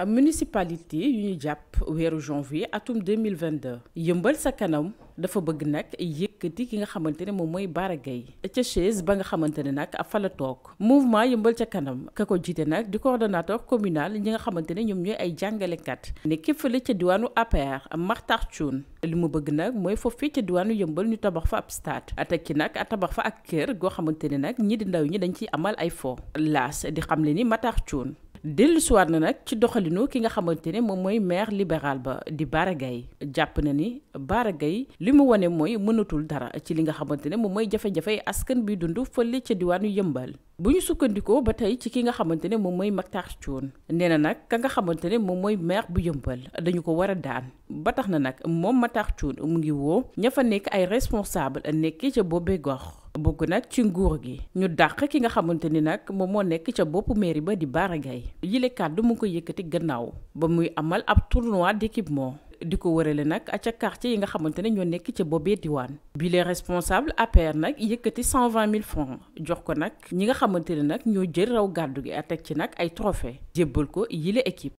Euh, municipalité yu ñu jàpp weeru janvier atum 2022 yëmbal sa kanam dafa bëgg nag yëkkati ki nga xamante ne moom mooy Bara Gaye ca chaise ba nga xamante ne nag a fala toog mouvement yëmbal ca kanam a ko jiite nag di coordonnateur communal ñi nga xamante ne ñoom ñooy ay jàngalekat nekk fële ca diwaanu APR Martar Thioune li mu bëgg nag mooy foofu foofee ca diwaanu yëmbal ñu tabax fa ab stade atakki nag a tabax fa ak kër goo xamante ne nag ñi di ndaw ñi dañ ciy amal ay fo laas di xamle ni Martar Thioune dellusiwaat na nag ci doxalinu ki nga xamante ne moom mooy maire libéral ba di Bara Gaye jàpp na ni Bara Gaye li mu wane mooy mënatul dara ci li nga xamante ne moom mooy jafe-jafe askan bi dund fële ca diwaanu yëmbal bu ñu sukkandikoo ba tey ci ki nga xamante ne moom mooy Mactar Thion nee na nag ka nga xamante ne moom mooy maire bu yëmbal dañu ko war a daan ba tax na nag moom Mactar Thion mu ngi woo ña fa nekk ay responsable nekkee ca boobee gox bugg nag ci nguur gi ñu dàq ki nga xamante ni nag moom moo nekk ca boppu mairie ba di Bara Gaye yile kàddu mu ngi ko yëkkati gannaaw ba muy amal ab tournoi d'équipement di ko wërale nag ca quartier yi nga xamante ne ñoo nekk ca boobee diwaan bi responsable responsables nag yëkkati cent vingt mille francs jox ko nag ñi nga xamante ne nag ñoo jël raw gàddu gi a ci nag ay trophée jébbal ko yile équipe